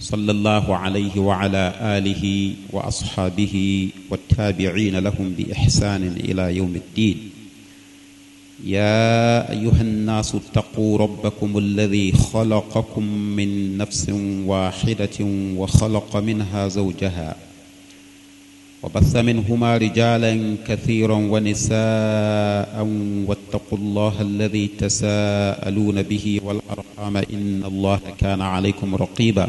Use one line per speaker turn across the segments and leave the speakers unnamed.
صلى الله عليه وعلى آله وأصحابه والتابعين لهم بإحسان إلى يوم الدين يا أيها الناس اتقوا ربكم الذي خلقكم من نفس واحدة وخلق منها زوجها وبث منهما رجالا كثيرا ونساء واتقوا الله الذي تساءلون به والأرحام إن الله كان عليكم رقيباً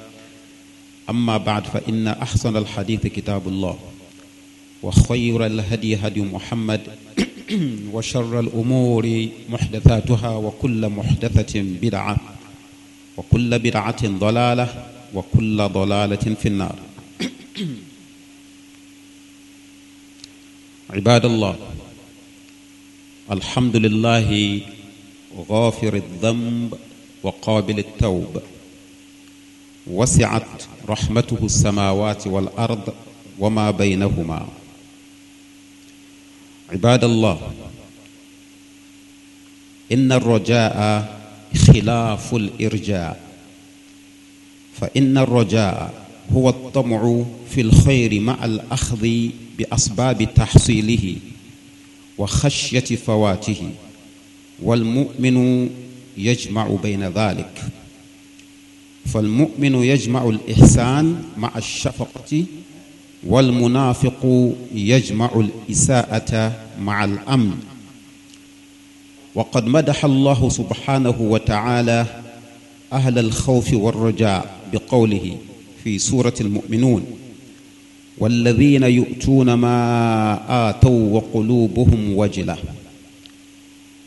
أما بعد فإن أحسن الحديث كتاب الله وخير الهدي هدي محمد وشر الأمور محدثاتها وكل محدثة بدعة وكل بدعة ضلالة وكل ضلالة في النار عباد الله الحمد لله غافر الذنب وقابل التوب وسعت رحمته السماوات والأرض وما بينهما عباد الله إن الرجاء خلاف الإرجاء فإن الرجاء هو الطمع في الخير مع الأخذ بأسباب تحصيله وخشية فواته والمؤمن يجمع بين ذلك فالمؤمن يجمع الإحسان مع الشفقة والمنافق يجمع الإساءة مع الأمن وقد مدح الله سبحانه وتعالى أهل الخوف والرجاء بقوله في سورة المؤمنون والذين يؤتون ما آتوا وقلوبهم وجلة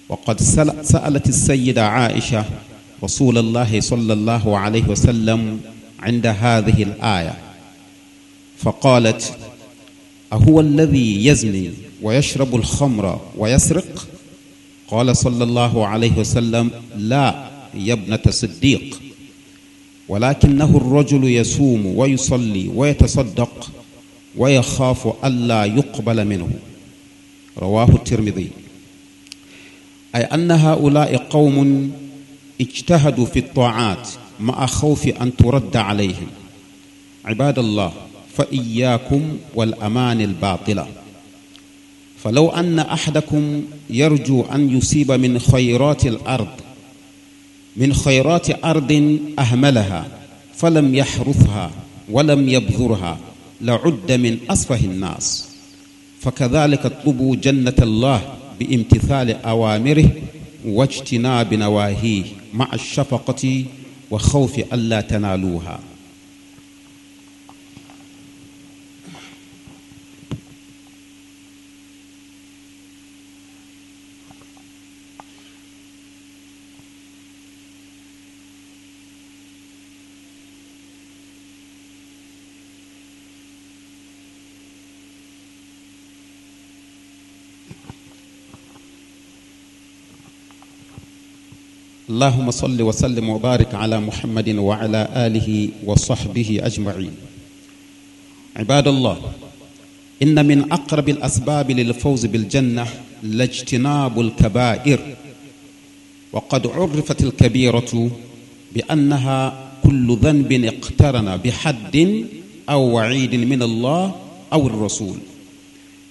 وقد سألت السيدة عائشة رسول الله صلى الله عليه وسلم عند هذه الآية فقالت أهو الذي يزني ويشرب الخمر ويسرق قال صلى الله عليه وسلم لا يا ابنة صديق ولكنه الرجل يصوم ويصلي ويتصدق ويخاف ألا يقبل منه رواه الترمذي أي أن هؤلاء قوم اجتهدوا في الطاعات مع خوف أن ترد عليهم عباد الله فإياكم والأمان الباطلة فلو أن أحدكم يرجو أن يصيب من خيرات الأرض من خيرات أرض أهملها فلم يحرثها ولم يبذرها لعد من أسفه الناس فكذلك اطلبوا جنة الله بامتثال أوامره واجتناب نواهيه مع الشفقة وخوف ألا تنالوها اللهم صل وسلم وبارك على محمد وعلى آله وصحبه أجمعين عباد الله إن من أقرب الأسباب للفوز بالجنة لاجتناب الكبائر وقد عرفت الكبيرة بأنها كل ذنب اقترن بحد أو وعيد من الله أو الرسول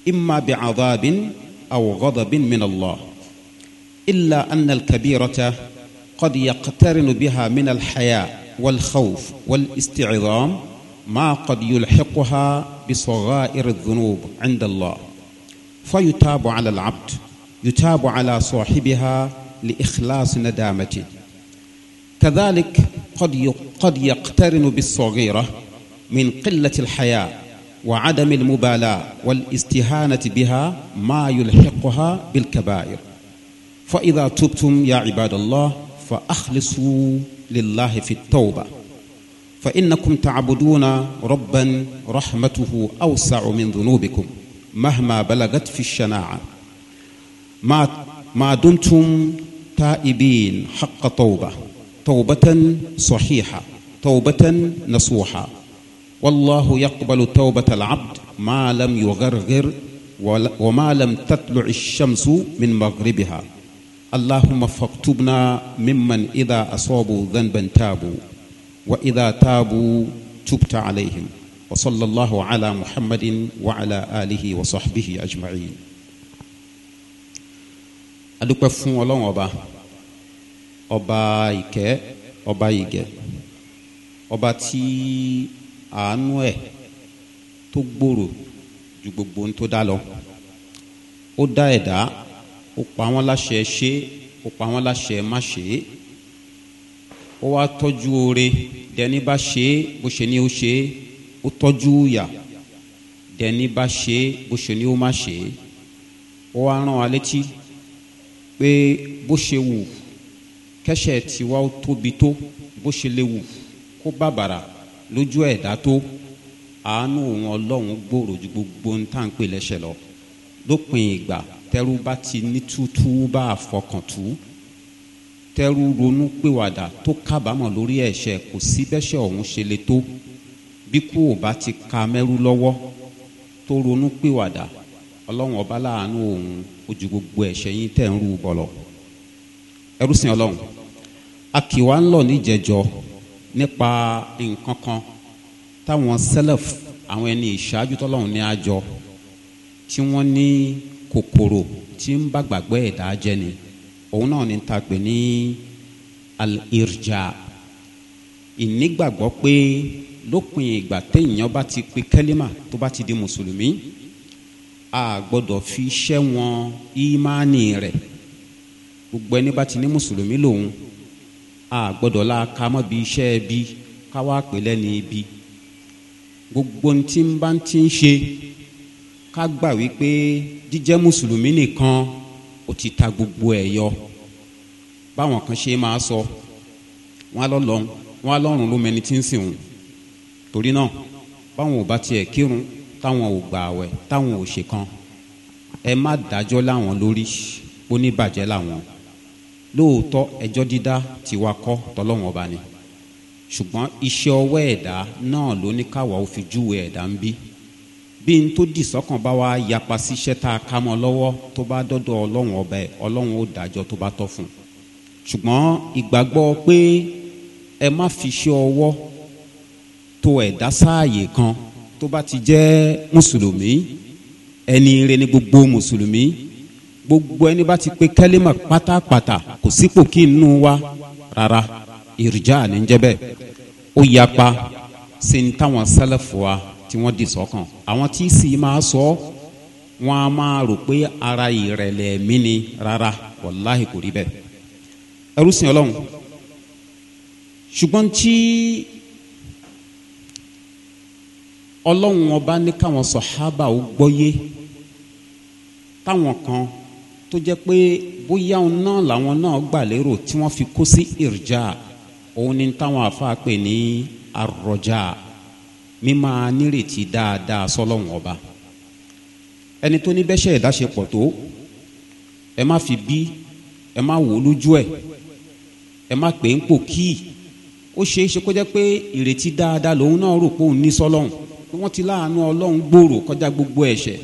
إما بعذاب أو غضب من الله إلا أن الكبيرة قد يقترن بها من الحياء والخوف والاستعظام ما قد يلحقها بصغائر الذنوب عند الله فيتاب على العبد يتاب على صاحبها لإخلاص ندامته كذلك قد قد يقترن بالصغيرة من قلة الحياء وعدم المبالاة والاستهانة بها ما يلحقها بالكبائر فإذا تبتم يا عباد الله فأخلصوا لله في التوبة فإنكم تعبدون ربا رحمته أوسع من ذنوبكم مهما بلغت في الشناعة ما ما دمتم تائبين حق توبة توبة صحيحة توبة نصوحة والله يقبل توبة العبد ما لم يغرغر وما لم تطلع الشمس من مغربها اللهم فاكتبنا ممن إذا أصابوا ذنبا تابوا وإذا تابوا تبت عليهم وصلى الله على محمد وعلى آله وصحبه أجمعين adúpẹ́ fún ọlọ́run ọba ọba ìkẹ́ ọba ìgẹ̀ ọba tí àánú ẹ̀ tó gbòòrò ju ó pa wọ́n láṣẹ ṣe ó pa wọ́n láṣẹ má ṣe ó wá tọ́jú oore dẹni bá ṣe bó ṣe ni ó ṣe ó tọ́jú ìyà dẹni bá ṣe bó ṣe ni ó má ṣe ó wá rán wa létí pé bó ṣe wù kẹ́sẹ̀ tiwa ó tóbi tó bó ṣe lè wù kó bàbàrà lójú ẹ̀dá tó àánú òun ọlọ́run gbòòrò ju gbogbo ń tà lọ lópin ìgbà tẹ́rú bá ti ní tútú bá àfọkàntú tẹ́rú ronú pèwàdà tó kábàámọ̀ lórí ẹ̀ṣẹ̀ kò sí bẹ́ṣẹ̀ ọ̀hún ṣe le tó bí kú ò bá ti ka mẹ́rú lọ́wọ́ tó ronú pèwàdà ọlọ́run ọba láàánú òun ojú gbogbo ẹ̀ṣẹ̀ yín tẹ̀ ń rú bọ̀lọ̀ ẹrú sìn ọlọ́run a kì wá ń lọ níjẹjọ nípa nǹkan kan táwọn sẹ́lẹ̀f àwọn ẹni ìṣáájú tọ́lọ́run ní àjọ tí wọ́n ní kòkòrò tí ń bá gbàgbọ́ ẹ̀dá jẹ́ ni òun náà ni ta pè ní al-irja ìnígbàgbọ́ pé lópin ìgbà téèyàn bá ti pe kẹ́límà tó bá ti di mùsùlùmí a gbọ́dọ̀ fi iṣẹ́ wọn ìmánì rẹ̀ gbogbo ẹni bá ti ní mùsùlùmí lòun a gbọ́dọ̀ la ka mọ́ bí iṣẹ́ bí káwá pè lẹ́ni ibi gbogbo ní tí ń bá ti ń ṣe ká gbà wípé jíjẹ́ mùsùlùmí nìkan ó ti ta gbogbo ẹ̀ yọ báwọn kan ṣe máa sọ wọn lọ́lọ́run wọn lọ́run ló mẹni tí ń sìn òun torí náà báwọn ò bá tiẹ̀ kírun táwọn ò gbà àwẹ̀ táwọn ò ṣe ẹ má dájọ́ láwọn lórí oníbàjẹ́ làwọn lóòótọ́ ẹjọ́ dídá tiwa kọ́ tọ́lọ́wọ́n ọba ni ṣùgbọ́n iṣẹ́ ọwọ́ ẹ̀dá náà ló ní káwa ó fi júwe ẹ̀dá ń bí bí n tó dì sọ́kàn bá wa yapa síṣẹ́ tá a ká mọ́ lọ́wọ́ tó bá dọ́dọ̀ ọlọ́run ọbẹ̀ ọlọ́run ó dájọ́ tó bá tọ́ fún un ṣùgbọ́n ìgbàgbọ́ pé ẹ má fi ṣe ọwọ́ tó ẹ̀dá sáàyè kan tó bá ti jẹ́ mùsùlùmí ẹni rẹ ni gbogbo mùsùlùmí gbogbo ẹni bá ti pe kẹ́lẹ́mà pátápátá kò sípò kí inú wa rárá ìrìjà níjẹ́ bẹ́ẹ̀ ó yapa sí ní táwọn sálẹ̀fù wa tí wọ́n di sọ́kàn àwọn tí sì máa sọ wọ́n á máa rò pé ara ìrẹ̀lẹ̀ mi ni rárá wàláhì kò rí bẹ́ẹ̀ ẹrú sìn ọlọ́run ṣùgbọ́n tí ọlọ́run ọba ní káwọn sọ̀hábà ó gbọ́yé táwọn kan tó jẹ́ pé bóyá òun náà làwọn náà gbà lérò tí wọ́n fi kó sí ìrìjà òun ni táwọn àfa pè ní àrọ̀jà mímá nírètí dáadáa sọ́lọ́run ọba ẹni tó ní bẹ́sẹ̀ ìdáṣepọ̀ tó ẹ má fi bí ẹ má wò lójú ẹ ẹ má pè é ń pò kíì ó ṣeé ṣe kó jẹ́ pé ìrètí dáadáa lòun náà rò pé òun ní sọ́lọ́run pé wọ́n ti láàánú ọlọ́run gbòòrò kọjá gbogbo ẹ̀ṣẹ̀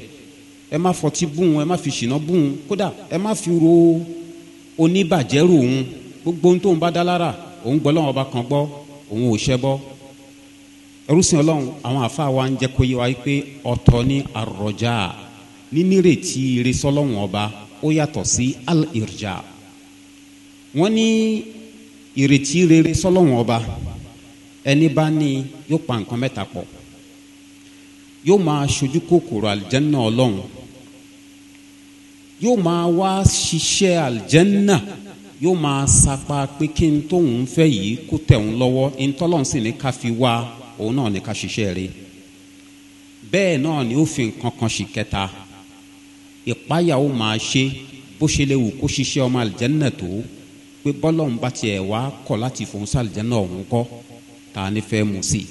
ẹ má fọtí bùn ẹ má fi ṣìnà bùn kódà ẹ má fi ro oníbàjẹ́ rò òun gbogbo ohun tóun bá dá lára òun gbọ́ lọ́wọ́ ọba kan gbọ́ òun ò ṣẹ́ bọ́ ẹrúsìn ọlọ́run àwọn àfa wa ń jẹ́ kó yé wa pé ọ̀tọ̀ ní àròjà nínírètí iresọ́lọ́run ọba ó yàtọ̀ sí al-irja wọ́n ní ìrètí rere sọ́lọ́run ọba ẹni bá ní yóò pa nǹkan mẹ́ta pọ̀ yóò máa ṣojú kòkòrò àlìjẹ́nà ọlọ́run yóò máa wá ṣiṣẹ́ àlìjẹ́nà yóò máa sapa pé kí n tóun fẹ́ yìí kó tẹ̀ ń lọ́wọ́ ntọ́lọ́run sì ká fi wá òun náà ní ká ṣiṣẹ́ rẹ̀ bẹ́ẹ̀ náà ni ó fi nǹkan kan ṣì kẹta ìpáyà ó máa ṣe bó ṣe lè wù kó ṣiṣẹ́ ọmọ àlìjẹ́nà tó pé bọ́lọ́hún bá tiẹ̀ wá kọ̀ láti fòun sàlìjẹ́nà ọ̀hún kọ́ ta ni fẹ́ mú sí i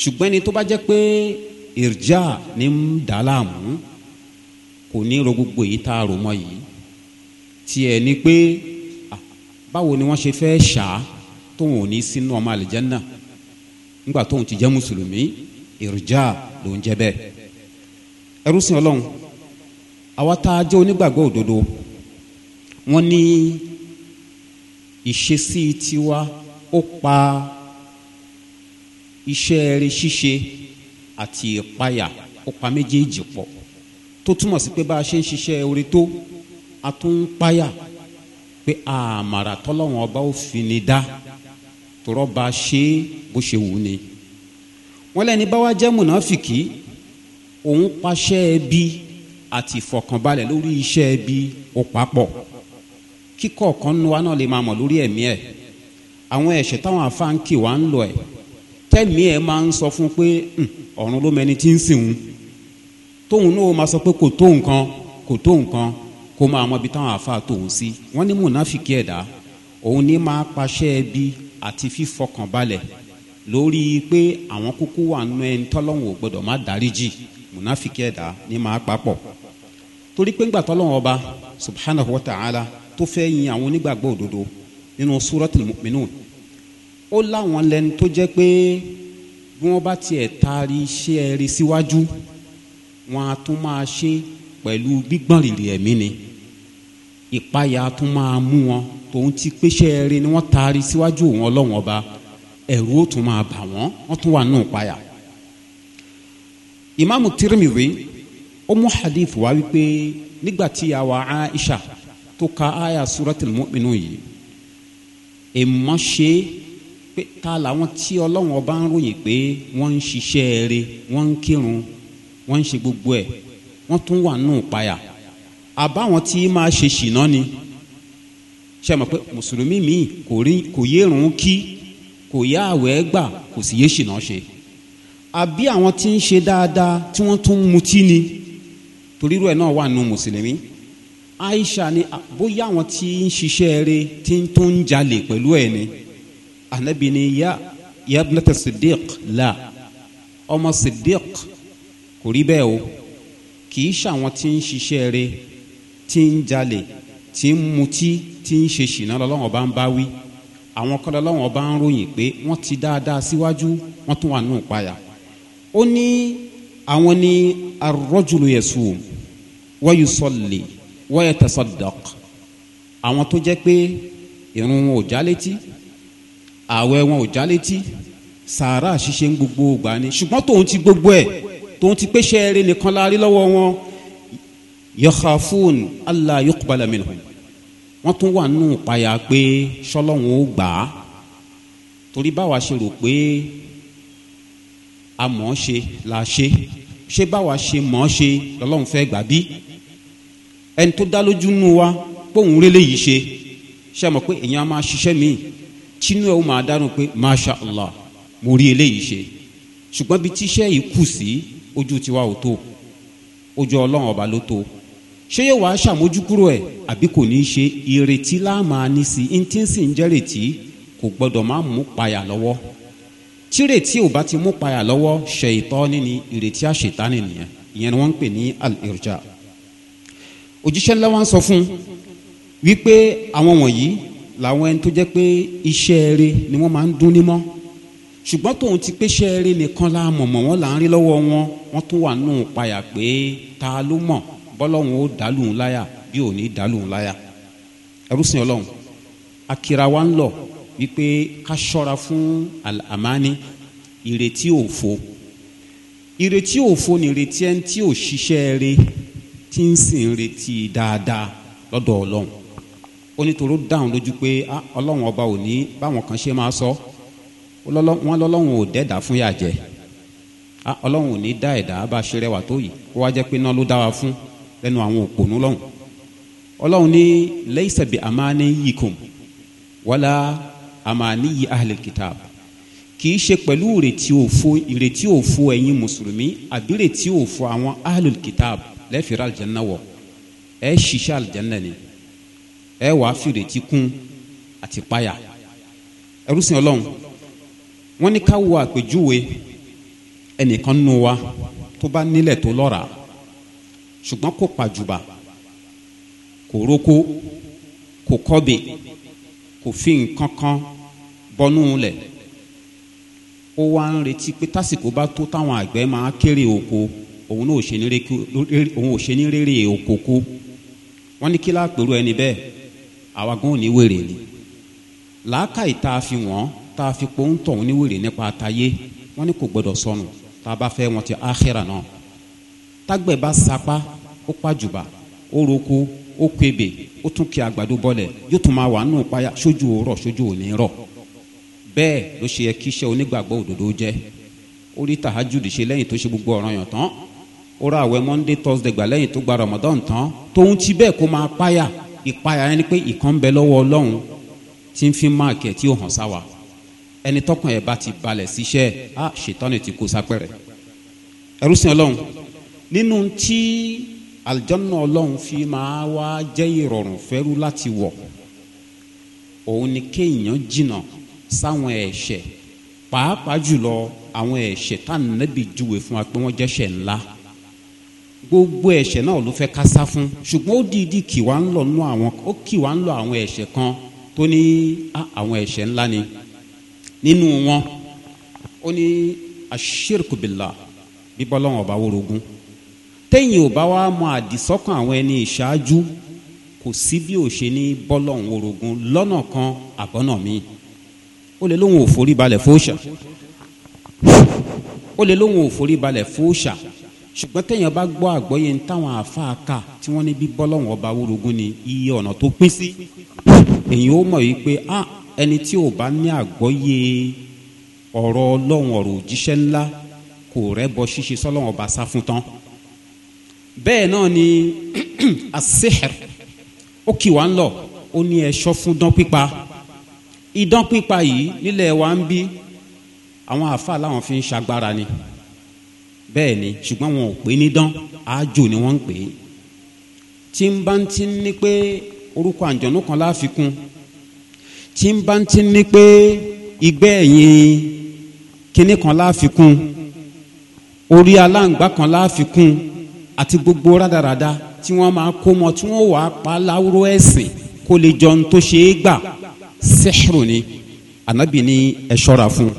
ṣùgbọ́n ẹni tó bá jẹ́ pé ìrìjà ní ń dà láàmú kò ní ro gbogbo èyí tá a rò mọ́ yìí tiẹ̀ ni pé báwo ni wọ́n ṣe fẹ́ ṣá tóun ò ní sínú ọmọ àlìjẹ́nà ńgbà tóun ti jẹ́ mùsùlùmí ìrìjà ló ń jẹ́ bẹ́ẹ̀ ẹrú sìn ọlọ́run àwa tá a jẹ́ onígbàgbọ́ òdodo wọ́n ní ìṣesí tiwa ó pa iṣẹ́ eré ṣíṣe àti ìpayà ó pa méjèèjì pọ̀ tó túmọ̀ sí pé bá a ṣe ń ṣiṣẹ́ orí tó a tún ń payà pé àmàrà tọ́lọ́wọ́n ọba ó fi ni dá tọrọba ṣe bó ṣe wù ni wọn lẹni bá wa jẹ mùnàfìkì òun paṣẹ ẹbí àti ìfọkànbalẹ̀ lórí iṣẹ́ ẹbí ó papọ̀ kíkọ kan nu wa náà lè máa mọ lórí ẹ̀mí ẹ àwọn ẹ̀ṣẹ̀ táwọn afáǹkì wa ń lọ ẹ tẹmí ẹ máa ń sọ fún pé ọ̀run ló mẹni tí ń sìn ún tóun náà máa sọ pé kò tó nǹkan kò tó nǹkan kó máa mọ ibi táwọn afáà tóun sí wọn ní mùnàfìkì ẹ̀dá òun ní máa paṣẹ ẹbí àti fífọkànbalẹ̀ lórí pé àwọn kúkú wà nù ẹni tọ́lọ́hún ò gbọdọ̀ má dáríjì mùnáfíkì ẹ̀dá ní máa papọ̀ torí pé ńgbà tọ́lọ́hún ọba subhanahu wa ta'ala tó fẹ́ yin àwọn onígbàgbọ́ òdodo nínú suratul mu'minun ó láwọn lẹni tó jẹ́ pé bí wọ́n bá tiẹ̀ taari iṣẹ́ ẹ̀rí síwájú wọn a tún máa ṣe pẹ̀lú gbígbọ́n rìrì ẹ̀mí ni ìpayà tún máa mú wọn tòun ti péṣẹ́ eré ni wọ́n taari síwájú òun ọlọ́wọ́n ọba ẹ̀rú ó tún máa bà wọ́n wọ́n tún wà nù páyà. ìmáàmù Tirmidhi ó mú hadith wá wípé nígbà tí àwa Aisha tó ka aya suratul mu'minun yìí èèmọ̀ ṣe pé ta làwọn tí ọlọ́wọ́n ọba ń ròyìn pé wọ́n ń ṣiṣẹ́ eré wọ́n ń kírun wọ́n ń ṣe gbogbo ẹ̀ wọ́n tún wà nù páyà àbáwọn tí máa ṣe ṣìná ni ṣe mọ̀ pé mùsùlùmí mi kò rí kò yé irun kí kò yá àwẹ̀ gbà kò sì yé ṣìnà ṣe àbí àwọn tí ń ṣe dáadáa tí wọ́n tún mutí ni torí irú ẹ̀ náà wà nù mùsùlùmí aisha ni bóyá àwọn tí ń ṣiṣẹ́ rẹ tí tó ń jalè pẹ̀lú ẹ̀ ni anabi ni ya yabnata sidiq la ọmọ sidiq kò rí bẹ́ẹ̀ o kì í ṣàwọn tí ń ṣiṣẹ́ rẹ tí ń jalè tí ń mutí tí ń ṣe ṣìnà lọ́wọ́n bá ń bá wí àwọn kan lọ́wọ́n bá ń ròyìn pé wọ́n ti dáadáa síwájú wọ́n tún wà nù ìpayà ó ní àwọn ní arọ́jùlù yẹ̀sù wáyù sọ̀lì wáyà tẹ̀sọ̀dọ̀k àwọn tó jẹ́ pé irun wọn ò já létí ààwẹ̀ wọn ò já létí sàárà ṣíṣe ń gbogbo ògbà ni ṣùgbọ́n tòun ti gbogbo ẹ̀ tòun ti pèsè eré nìkan la lọ́wọ́ wọn yọ̀ọ̀fún allah yọ̀kùbalẹ̀ mìíràn wọ́n tún wà nù payà pé sọlọ́run ó gbà á torí báwa ṣe rò pé a mọ̀ ọ́ ṣe la ṣe ṣé báwa ṣe mọ̀ ọ́ ṣe lọ́lọ́run fẹ́ gbà bí ẹni tó dá lójú nù wa póun rélé yìí ṣe ṣe mọ̀ pé èèyàn máa ṣiṣẹ́ míì tínú ẹ̀ ó máa dánú pé masha allah mo rí eléyìí ṣe ṣùgbọ́n bí tíṣẹ́ yìí kù sí ojú tiwa ò tó ojú ọlọ́run ọba ló tó ṣé yóò wá ṣàmójúkúrò ẹ̀ àbí kò ní í ṣe ìrètí láàmà nísì ntí ń sì ń jẹ́ rètí kò gbọ́dọ̀ má mú payà lọ́wọ́ tírètí ò bá ti mú payà lọ́wọ́ ṣe ìtọ́ níní ìrètí àṣetánì nìyẹn ìyẹn ni wọ́n ń pè ní al-irja òjíṣẹ́ ńlá wa ń sọ fún un wípé àwọn wọ̀nyí làwọn ẹni tó jẹ́ pé iṣẹ́ eré ni wọ́n máa ń dún nímọ́ ṣùgbọ́n tóun ti pé iṣẹ́ eré nìkan la mọ̀mọ́ wọn là ń rí lọ́wọ́ wọn wọ́n tún wà nù payà pé ta ló mọ̀ bọ́lọ́hún ó dàlùn láyà bí ò ní dàlùn láyà ẹrúsìn ọlọ́hún akira wa ń lọ wípé ká ṣọ́ra fún àmàní ìrètí òfo ìrètí òfo ni ìrètí ẹni tí ò ṣiṣẹ́ rẹ̀ tí ń sìn retí dáadáa lọ́dọ̀ ọlọ́hún ó nítorí dáhùn lójú pé ah, ọlọ́hún ọba ò ní báwọn kan ṣe máa sọ wọ́n lọ́lọ́hún ò dẹ́dà fún yàjẹ́ ah, ọlọ́hún ò ní dá ẹ̀dá bá ṣe rẹwà tó yìí kó wá jẹ́ pé iná ló dá wa fún lẹ́nu àwọn òpònú lọ́hùn ọlọ́hun ní lẹ́yìísẹ̀bì àmàní yìí kùn wọ́lá àmàní yìí ahlẹ̀ kìtàb kìí ṣe pẹ̀lú ìrètí òfo ìrètí òfo ẹ̀yin mùsùlùmí àbí ìrètí òfo àwọn ahlẹ̀ kìtàb lẹ́fìrà àlìjẹ́nà wọ̀ ẹ ṣiṣẹ́ àlìjẹ́nà ni ẹ wàá fìrètí kún àti páyà ẹrú sìn ọlọ́hun wọ́n ní ká wo àpèjúwe ẹnìkan nù wa tó bá nílẹ̀ tó lọ́ràá ṣùgbọ́n kò pàjùbà kò roko kò kọ́bè kò fi nǹkan kan bọ́nú lẹ̀ ó wá ń retí pé tásìkò bá tó táwọn àgbẹ̀ máa kéré oko òun ò ṣe ní rere oko kú wọ́n ní kí láàpẹ̀rù ẹni bẹ́ẹ̀ àwa gan ò ní wèrè ni làákàyè tá a fi wọ́n tá a fi pohùn tọ̀hún ní wèrè nípa àtayé wọ́n ní kò gbọ́dọ̀ sọnù tá a bá fẹ́ wọn ti áhẹ́rà náà tágbẹ̀ bá sapá ó pàjùbà ó roko ó kébè ó tún kí àgbàdo bọ́lẹ̀ yóò tún máa wà nínú ìpayà sójú òórọ̀ sójú òní rọ̀ bẹ́ẹ̀ ló ṣe yẹ kí iṣẹ́ onígbàgbọ́ òdodo jẹ́ ó rí tahajud ṣe lẹ́yìn tó ṣe gbogbo ọ̀ràn yàn tán ó ra àwẹ̀ monday thursday gbà lẹ́yìn tó gba ramadan tán tóun ti bẹ́ẹ̀ kó máa páyà ìpáyà ẹni pé ìkan ń bẹ lọ́wọ́ ọlọ́run tí ń fi máàkì ẹ̀ tí ó hàn sáwà ẹni tọkàn ẹ̀ bá ti balẹ̀ síṣẹ́ ẹ̀ á ti kó sápẹ́rẹ́ ẹrú sin ọlọ́run nínú tí aljanna ọlọ́run fi máa wá jẹ́ ìrọ̀rùn fẹ́rú láti wọ̀ òun ni kéèyàn jìnnà sáwọn ẹ̀ṣẹ̀ pàápàá jùlọ àwọn ẹ̀ṣẹ̀ tánàbì júwe fún wa pé wọ́n jẹ́ṣẹ̀ ńlá gbogbo ẹ̀ṣẹ̀ náà ló fẹ́ ká sá fún ṣùgbọ́n ó dìídì kì wá ń lọ nú àwọn ó kì wá ń lọ àwọn ẹ̀ṣẹ̀ kan tó ní àwọn ẹ̀ṣẹ̀ ńlá ni nínú wọn ó ní aṣírkùbìlà bíbọ́lọ́wọ̀n ọba wórogún tẹ́yìn ò bá wá mọ àdìsọ́kàn àwọn ẹni ìṣáájú kò sí bí ò ṣe ní bọ́lọ̀hún orogun lọ́nà kan àbọ́nà mi ó lè lóhùn òforí balẹ̀ fóòṣà ó lè lóhùn òforí balẹ̀ fóòṣà ṣùgbọ́n tẹ́yìn ọba gbọ́ àgbọ́yé ń táwọn àáfàá kà tí wọ́n ní bí bọ́lọ̀hún ọba orogun ni iye ọ̀nà tó pín sí èyí ó mọ̀ yìí pé ẹni tí ò bá ní àgbọ́yé ọ̀rọ̀ ọlọ́run ọ̀rọ̀ òjíṣẹ́ ńlá bẹ́ẹ̀ náà ni asihir ó kì wá ń lọ ó ní ẹ̀ṣọ́ fún dán pípa idán pípa yìí nílẹ̀ wa ń bí àwọn àáfàá làwọn fi ń ṣagbára ni bẹ́ẹ̀ ni ṣùgbọ́n wọn ò pè é ní dán àájò ni wọ́n ń pè é tí ń bá ń ti ní pé orúkọ àǹjọ̀nú kan láfikún tí ń bá ń ti ní pé igbẹ́ ẹ̀yìn kinní kan láfikún orí aláǹgbá kan láfikún. La àti gbogbo rádaràda tí wọ́n máa kó mọ tí wọ́n wàá pa láwùrọ̀ ẹ̀sìn kó lè jọ ohun tó ṣe é gbà sẹ́hìrù ni anabi ni ẹ ṣọ́ra fún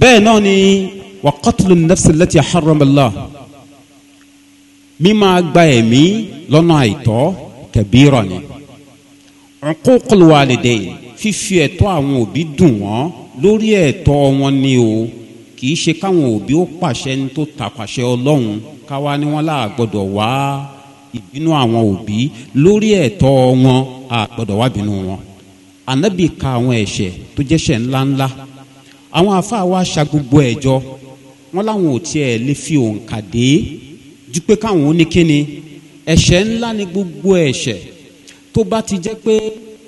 bẹ́ẹ̀ náà ni wàkàtúlù nafsi lẹ́tì haramala mímọ agba ẹ̀mí lọ́nà àìtọ́ kẹbíìrọ̀ ni ọ̀kọ́kọ̀lù wà lédè fífi ẹ̀tọ́ àwọn òbí dùn wọ́n lórí ẹ̀tọ́ wọn ni o kì í ṣe káwọn òbí ó pàṣẹ ní tó takàṣẹ ọlọ́run káwa ni wọ́n láà gbọ́dọ̀ wá ìbínú àwọn òbí lórí ẹ̀tọ́ wọn à gbọ́dọ̀ wá bínú wọn ànábì ka àwọn ẹ̀ṣẹ̀ tó jẹ́ṣẹ̀ ńláńlá àwọn àáfàá wa ṣa gbogbo ẹ̀jọ wọn láwọn ò tiẹ̀ lè fi òǹkà dé ju pé káwọn ó ní kíni ẹ̀ṣẹ̀ ńlá ni gbogbo ẹ̀ṣẹ̀ tó bá ti jẹ́ pé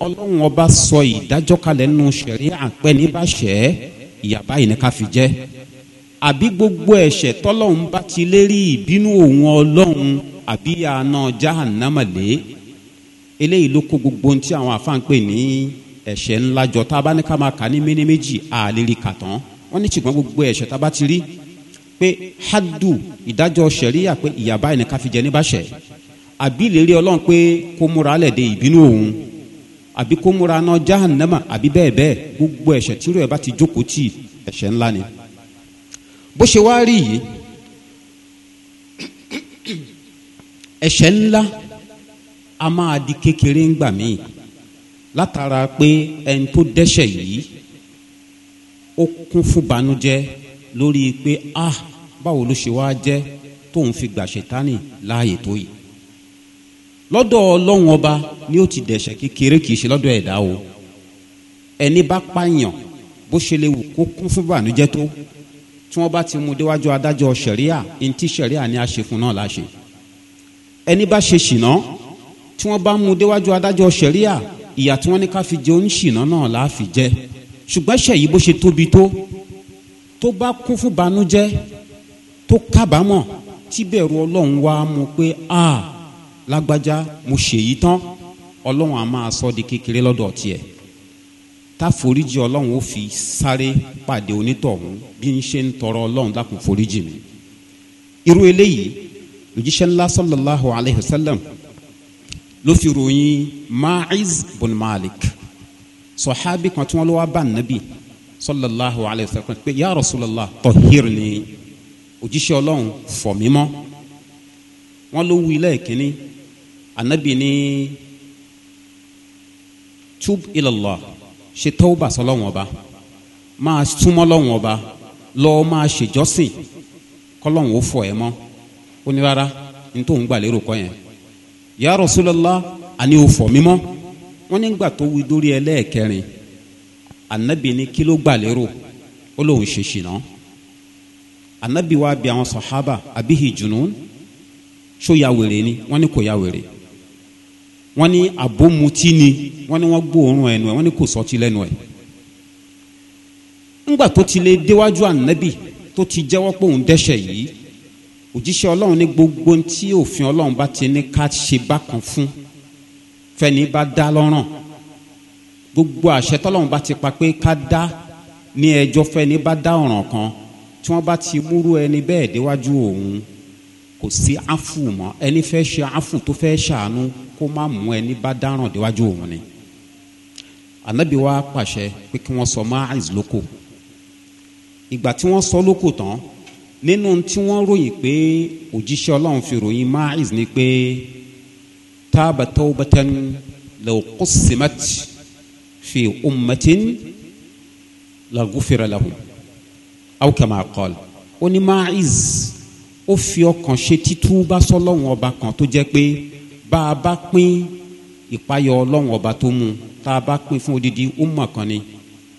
ọlọ́run ọba sọ ìdájọ́ kalẹ̀ nù sẹ̀ríà pẹ́ ní bá ṣẹ́ ìyàbá yìí ni ká fi jẹ́ àbí gbogbo ẹ̀ṣẹ̀ tọ́lọ́hún bá ti lérí ìbínú òun ọlọ́hun àbí àna jahannamale eléyìí ló kó gbogbo ohun tí àwọn àfa ń pè ní ẹ̀ṣẹ̀ ńlá jọ tá a bá ní ká máa kà ní méní méjì àlérí kàtán wọ́n ní ṣùgbọ́n gbogbo ẹ̀ṣẹ̀ tá a bá ti rí pé hadu ìdájọ́ sẹ̀ríyà pé ìyàbá ẹni ká fi jẹ níbàṣẹ̀ àbí ìlérí ọlọ́run pé kó múra lẹ̀ de ìbínú òun àbí kó múra náà jahannama àbí bẹ́ẹ̀ bẹ́ẹ̀ gbogbo ẹ̀ṣẹ̀ tírú ẹ̀ bá ti jókòó tì ẹ̀ṣẹ̀ ńlá ni bó ṣe wá rí yìí ẹ̀ṣẹ̀ ńlá a máa di kékeré ńgbà míì látara pé ẹni tó dẹ́ṣẹ̀ yìí ó kún fún banújẹ́ lórí pé ah báwo ló ṣe wá jẹ́ tóun fi gbà ṣètánì láàyè tó yìí lọ́dọ̀ ọlọ́run ọba ni ó ti dẹ̀ṣẹ̀ kékeré kìí ṣe lọ́dọ̀ ẹ̀dá o ẹni bá pààyàn bó ṣe lè wù kó kún fún bànújẹ́ tó tí wọ́n bá ti mú déwájú adájọ́ sẹ̀ríà ntí sẹ̀ríà ni a ṣe fún náà la ṣe ẹni bá ṣe ṣìnà tí wọ́n bá mú déwájú adájọ́ sẹ̀ríà ìyà tí wọ́n ní ká fi jẹ oníṣìnà náà la fi jẹ ṣùgbọ́n ṣẹ̀yí bó ṣe tóbi tó tó bá kún fún banújẹ́ tó kábàámọ̀ tíbẹ̀rù ọlọ́run wá mú pé a lágbájá mo ṣèyí tán ọlọ́run á máa sọ di kékeré lọ́dọ̀ tiẹ̀ táforíjì ọlọ́run ó fi sáré pàdé onítọ̀hún bí ń ṣe ń tọrọ ọlọ́run dákun foríjì mi irú eléyìí òjíṣẹ́ ńlá sallallahu alayhi wa sallam ló fi ròyìn ma'iz bin malik sọ̀hábì kan tí wọ́n lọ́wọ́ bá nàbì sallallahu alayhi wa pé ya rasulallah tọ̀hìr ni òjíṣẹ́ ọlọ́run fọ̀ mímọ́ wọ́n ló wí lẹ́ẹ̀kínní anabi ní tub ilallah ṣe tọ́wọ́bà sọlọ́wọ́n ọba máa súnmọ́ lọ́wọ́n ọba lọ́ọ́ máa ṣèjọ́sìn kọ́lọ́wọ́n ó fọ ẹ mọ́ ó ní rárá ní tóun gbà lérò kọ́ yẹn ya Rasulullah àní ó fọ mímọ́ wọ́n nígbà tó wí dórí ẹlẹ́ẹ̀kẹrin ànábì ní kí ló gbà lérò ó lóun ṣe ṣìnà ànábì wa bí àwọn sàhábà àbíhì jùnún ṣó ya wèrè ni wọ́n ní kò ya wèrè wọ́n ní àbómutí ni wọ́n ní wọ́n gbóòórùn ẹnu ẹ̀ wọ́n ní kò sọtí lẹ́nu ẹ̀ ńgbà tó ti lè déwájú ànábì tó ti jẹ́wọ́ pé òun dẹ́ṣẹ̀ yìí òjíṣẹ́ ọlọ́run ní gbogbo tí òfin ọlọ́run bá ti ní ká ṣe bákan fún fẹ́ni bá dá lọ́rùn gbogbo àṣẹ tọ́lọ́run bá ti pa pé ká dá ní ẹjọ́ fẹ́ni bá dá ọ̀ràn kan tí wọ́n bá ti múrú ẹni bẹ́ẹ̀ déwájú òun kò sí afu mọ́ ẹni fẹ́ ṣe afu tó fẹ́ ṣàánú kó má mú ẹni bá dáràn déwájú òun ni anabi wa pàṣẹ pé kí wọ́n sọ máàz lóko ìgbà tí wọ́n sọ lóko tán nínú tí wọ́n ròyìn pé òjíṣẹ́ ọlọ́run fi ròyìn máàz ni pé táàbà tawbatan law qussimat fi ummatin la gufira lahum aw kama qala ó ní máàz ó fi ọkàn ṣe títúbà sọ́lọ́run ọba kan tó jẹ́ pé bá a bá pín ìpayọ̀ ọlọ́run ọba tó mú tá a bá pín fún odidi ó mọ̀ kan ni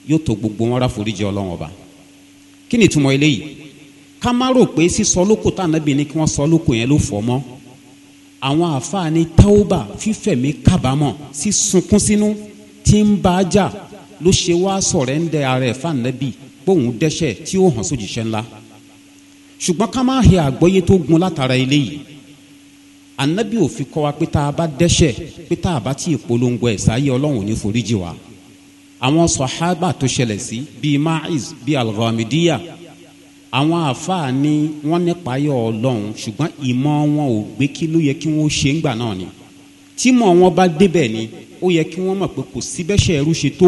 yóò tó gbogbo wọn ráforíjì ọlọ́run ọba kí ni ìtumọ̀ eléyìí ká má rò pé sísọ lóko tànàbí ni kí wọ́n sọ lóko yẹn ló fọ́ mọ́ àwọn àáfàá ni táwọ́bà fífẹ̀mí kábàámọ̀ sísunkún sínú tí ń bá a jà ló ṣe wá sọ̀rẹ́ńdẹ́ ara ẹ̀ fànàbí póun dẹ́ṣẹ̀ tí ó hàn sójìṣẹ́ ńlá. So ṣùgbọ́n ká má he àgbọ́yé tó gun látara eléyìí anabi ò fi kọ́ wa pé tá a bá dẹ́ṣẹ̀ pé tá a bá tí ì polongo ẹ̀ sáyé ọlọ́run ò ní foríjì wa àwọn sọ̀hábà tó ṣẹlẹ̀ sí bíi maiz bíi alghamidiya àwọn àáfàá ni wọ́n nípa yọ ọlọ́run ṣùgbọ́n ìmọ̀ wọn ò gbé kí ló yẹ kí wọ́n ṣe ń gbà náà ni tí mọ̀ wọn bá débẹ̀ ni ó yẹ kí wọ́n mọ̀ pé kò síbẹ̀ṣẹ̀ ẹrú ṣe tó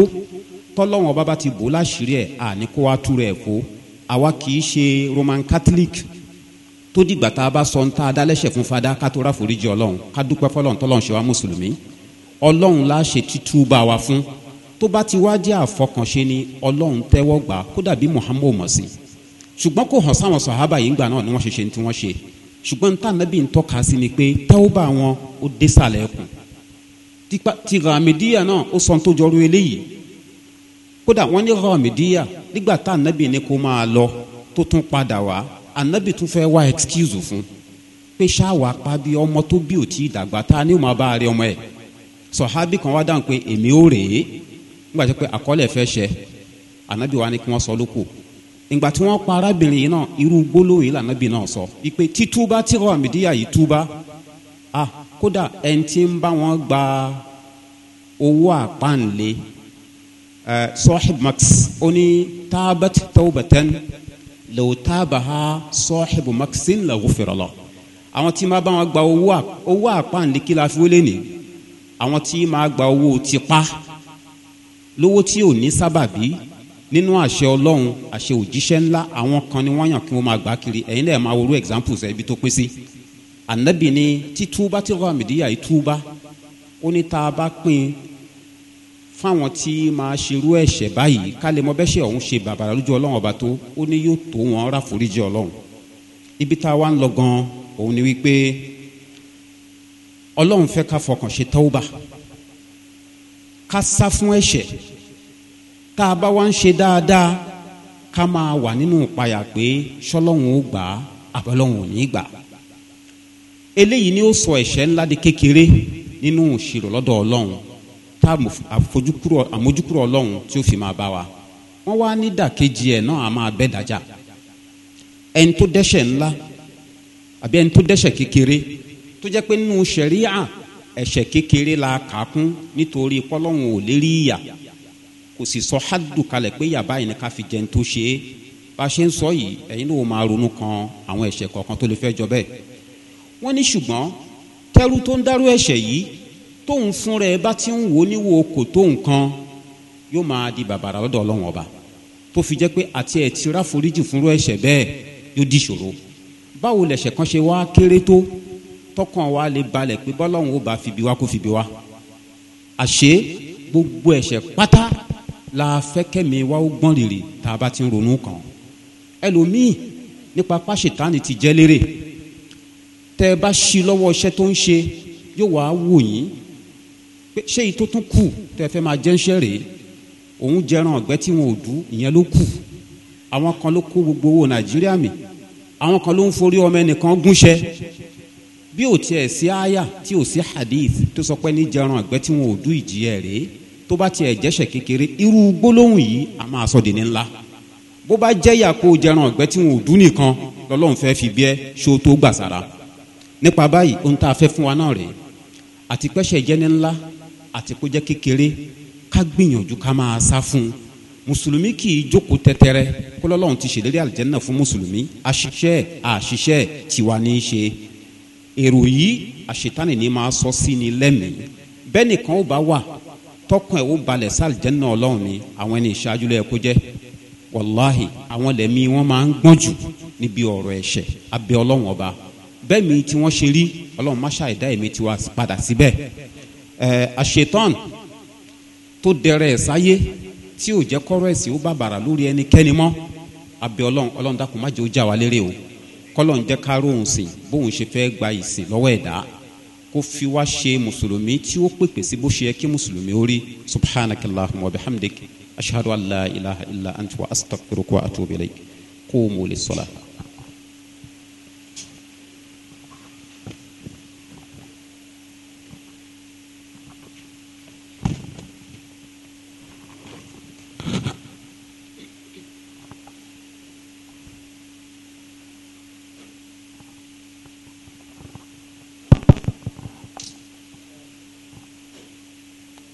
tọ́lọ́wọ́n bá bá ti bò láṣìírí ẹ̀ àní kó wá tú rẹ̀ kó àwa kì í ṣe roman catholic tó dìgbà tá a bá sọ ń tá a dálẹ́sẹ̀ fún fada ká tó ráforíjì ọlọ́run ká dúpẹ́ fọlọ́run tọ́lọ́run ṣe wá mùsùlùmí ọlọ́run la ṣe títúbà wa fún tó bá ti wá jẹ́ àfọkànṣe ni ọlọ́run tẹ́wọ́ gbà kódà bí muhammed mọ̀ sí ṣùgbọ́n kò hàn sáwọn sọ̀hábà yìí gbà náà ni wọ́n ṣe ṣe ní tí wọ́n ṣe ṣùgbọ́n ní tànàbí ń tọ́ka sí ni pé tẹ́wọ́bà wọn ó désàlẹ̀ ẹkùn tí ramidíyà náà ó sọ tó jọrú eléyìí kódà wọ́n ní hàmìdíyà nígbà tá ànábì ní kó máa lọ tó tún padà wá ànábì tún fẹ́ wá excuse fún pé ṣáàwá pa bí ọmọ tó bí ò tí ì dàgbà tá a ní ìmọ̀ bá a rí ọmọ ẹ̀ sọ̀hábì kan wá dáhùn pé èmi ò rèé nígbà tó pé àkọọ́lẹ̀ fẹ́ ṣẹ ànábì wa ni kí wọ́n sọ lóko ìgbà tí wọ́n pa arábìnrin yìí náà irú gbólóhùn yìí náà sọ wípé títúbá tí hàmìdíyà yìí túbá ah kódà ẹni tí ń bá wọn gba owó àpáǹlé صاحب مكس أني تابت توبة لو تابها صاحب مكس لغفر الله àwọn tí máa bá wọn gba owó owó àpáǹlé kí la fi wọlé ni àwọn tí máa gba owó tipa lówó tí ò ní sábàbí nínú àṣẹ ọlọ́run àṣẹ òjíṣẹ́ ńlá àwọn kan ni wọ́n yàn kí wọ́n máa gbà kiri ẹ̀yin lẹ́ẹ̀ máa worú examples ẹ̀ ibi tó pín sí ànábì ni títúbá tí rọ́ọ̀mìdíyà yìí túbá ó ní tá bá pín fáwọn tí máa ṣerú ẹ̀ṣẹ̀ báyìí kálẹ̀ mọ bẹ́ṣẹ̀ ọ̀hún ṣe bàbàrà lójú ọlọ́run ọba tó ó ní yóò tó wọn rà foríjì ọlọ́run ibi tá a wá ń lọ gan òun ni wípé ọlọ́run fẹ́ ká fọkàn ṣe tọ́wọ́bà ká sá fún ẹ̀ṣẹ̀ tá a bá wá ń ṣe dáadáa ká máa wà nínú ìpayà pé ṣọlọ́run ó gbà á àbọ̀lọ́run ò ní gbà eléyìí ni ó sọ ẹ̀ṣẹ̀ ńlá di kékeré nínú ìṣirò lọ́dọ̀ ọlọ́run tá àfojúkúrò àmójúkúrò ọlọ́run tí ó fi máa bá wa wọ́n wá ní dàkejì ẹ̀ náà a máa bẹ́ dájà ẹni tó dẹ́ṣẹ̀ ńlá àbí ẹni tó dẹ́ṣẹ̀ kékeré tó jẹ́ pé nínú sẹ̀ríà ẹ̀ṣẹ̀ kékeré la kà á kún nítorí pọ́lọ́run ò lérí ìyà kò sì sọ hádù kalẹ̀ pé yàrá yìí ni ká fi jẹun tó ṣe é bá a ṣe ń sọ yìí ẹ̀yin ló máa ronú kan àwọn ẹ̀ṣẹ̀ kọ̀ọ̀kan tó lè fẹ́ jọ bẹ́ẹ̀ wọ́n ní ṣùgbọ́n tẹ́rú tó ń dárú ẹ̀ṣẹ̀ yìí tóun fún rẹ bá ti ń wò níwò kò tó nǹkan yóò máa di bàbàrà lọ́dọ̀ ọlọ́run ọba tó fi jẹ́ pé àti ẹ̀ ti ráforíjì fúnrú ẹ̀ṣẹ̀ bẹ́ẹ̀ yóò di ìṣòro báwo lẹ̀ṣẹ̀ kan ṣe wá kéré tó tọkàn wa lè balẹ̀ pé bọ́lọ́run ó bá fibi wá kó fibi wá àṣé gbogbo ẹ̀ṣẹ̀ pátá la fẹ́ kẹ́mi wá ó gbọ́n rìrì tá a bá ti ń ronú kàn ẹlòmíì nípa pàṣẹtánì ti jẹ́ lérè tẹ́ ẹ bá ṣí lọ́wọ́ iṣẹ́ tó ń ṣe yóò wá wò yín pé ṣé èyí tó tún kù tẹ́ fẹ́ máa jẹ́ ń ṣẹ́ rèé òun jẹran ọ̀gbẹ́ tí wọn ò dú ìyẹn ló kù àwọn kan ló kó gbogbo owó nàìjíríà mi àwọn kan ló ń forí ọmọ ẹnìkan gúnṣẹ bí ò tiẹ̀ sí àyà tí ò sí hadith tó sọ pé ní jẹran ọ̀gbẹ́ tí wọn ò dú ìjìyà rèé tó bá tiẹ̀ jẹ́ṣẹ̀ kékeré irú gbólóhùn yìí a máa sọ dèní ńlá bó bá jẹ́yà kó jẹran ọ̀gbẹ́ tí wọn ò dú nìkan lọ́lọ́run fẹ́ fi bíẹ́ ṣó tó gbàsára nípa báyìí ohun tá a fẹ́ fún wa náà rèé àtipẹ́ṣẹ̀ jẹ́ni ńlá àti kó jẹ́ kékeré ká gbìyànjú ká máa sá fún un mùsùlùmí kì í jókòó tẹ́tẹ́rẹ́ kó lọ́lọ́run ti ṣèlérí àlìjẹ́nà fún mùsùlùmí àṣìṣe àṣìṣe tiwa ní í ṣe èrò yìí àṣetánì ní máa sọ sí ni lẹ́mìí bẹ́ẹ̀ nìkan ó bá wà tọkàn ẹ̀ ó balẹ̀ sàlìjẹ́nà ọlọ́run ni àwọn ẹni ìṣáájú lẹ́yẹ kó jẹ́ wàláhì àwọn lẹ́mí wọn máa ń gbọ́n jù níbi ọ̀rọ̀ ẹ̀ṣẹ̀ abẹ́ ọlọ́run ọba bẹ́ẹ̀ mi tí wọ́n ṣe rí ọlọ́run má ṣàìdá ẹ̀mí tiwa padà síbẹ̀ ẹ àṣetán tó dẹrẹ ẹ sáyé tí ò jẹ kọrọ ẹsìn ó bá bàrà lórí ẹnikẹni mọ abẹ ọlọrun ọlọrun dàkú má jẹ ó jà o kọlọn jẹ ká róhùn sìn bóun ṣe fẹ gba ìsìn lọwọ ẹdá kó fi wá ṣe mùsùlùmí tí ó pèpè sí bó ṣe yẹ kí mùsùlùmí ó rí subhanakallahumma wa bihamdik ashhadu allah la ilaha illa antwa wa astaghfiruka wa atubu ilayk qumu lis-salah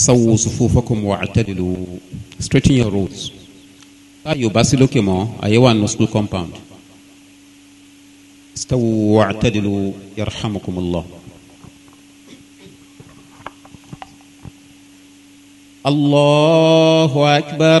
sawu sufufakum wa atadilu straighten your roads báyìí ò bá sí lókè mọ́ àyè wà nù school compound stawu wa atadilu yarhamukumullah. الله أكبر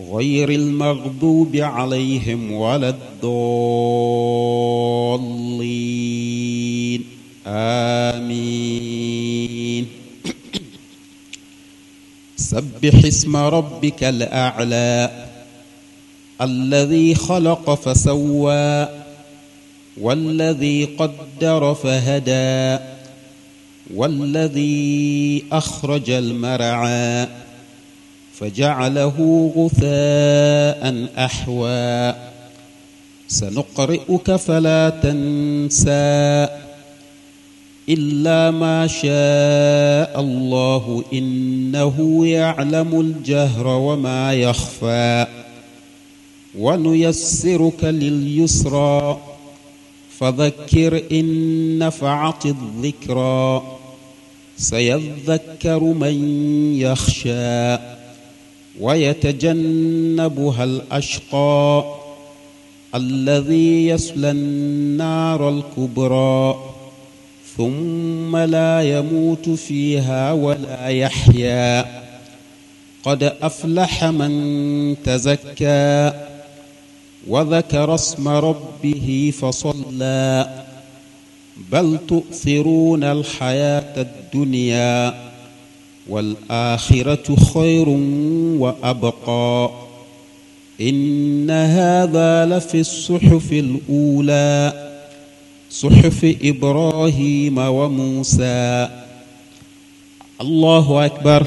غير المغضوب عليهم ولا الضالين آمين سبح اسم ربك الأعلى الذي خلق فسوى والذي قدر فهدى والذي أخرج المرعى فجعله غثاء أحوى سنقرئك فلا تنسى إلا ما شاء الله إنه يعلم الجهر وما يخفى ونيسرك لليسرى فذكر إن نفعت الذكرى سيذكر من يخشى ويتجنبها الأشقى الذي يصلى النار الكبرى ثم لا يموت فيها ولا يحيا قد أفلح من تزكى وذكر اسم ربه فصلى بل تؤثرون الحياة الدنيا والآخرة خير وأبقى إن هذا لفي الصحف الأولى صحف إبراهيم وموسى الله أكبر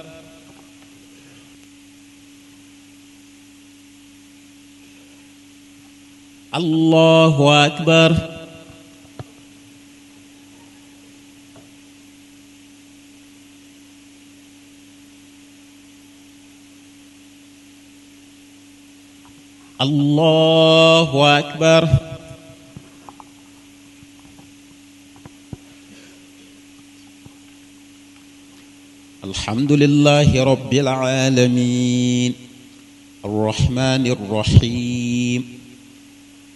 الله أكبر الله أكبر الحمد لله رب العالمين الرحمن الرحيم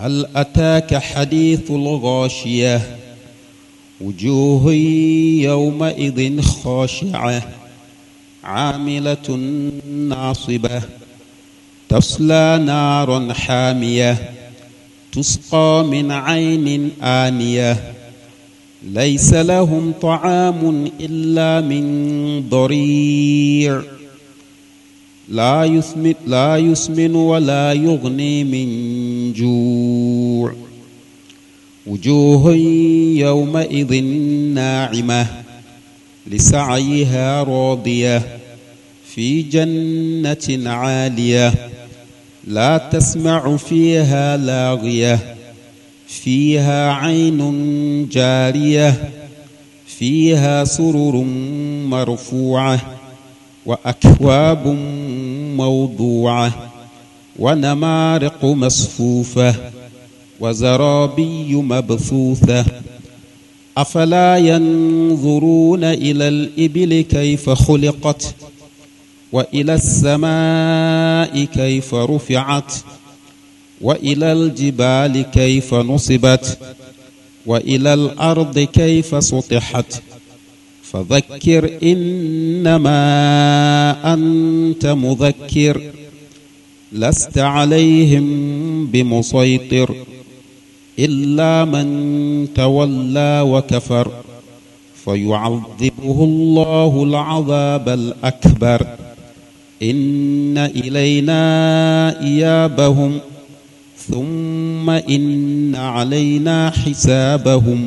هل أتاك حديث الغاشية وجوه يومئذ خاشعة عاملة ناصبة تصلى نارا حامية تسقى من عين آنية ليس لهم طعام إلا من ضريع لا يثمن لا يسمن ولا يغني من جوع وجوه يومئذ ناعمة لسعيها راضية في جنة عالية لا تسمع فيها لاغية فيها عين جارية فيها سرر مرفوعة وأكواب موضوعة ونمارق مصفوفة وزرابي مبثوثة أفلا ينظرون إلى الإبل كيف خلقت وإلى السماء كيف رفعت وإلى الجبال كيف نصبت وإلى الأرض كيف سطحت فذكر إنما أنت مذكر لست عليهم بمسيطر إلا من تولى وكفر فيعذبه الله العذاب الأكبر إن إلينا إيابهم ثم إن علينا حسابهم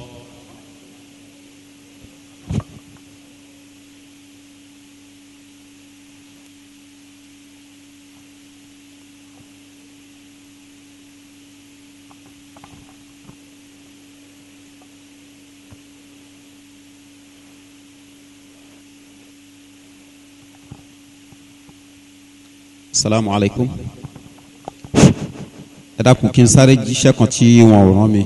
salamu alaykum ẹ dákun kí n sáré jíṣẹ́ kan tí wọ́n rán mi.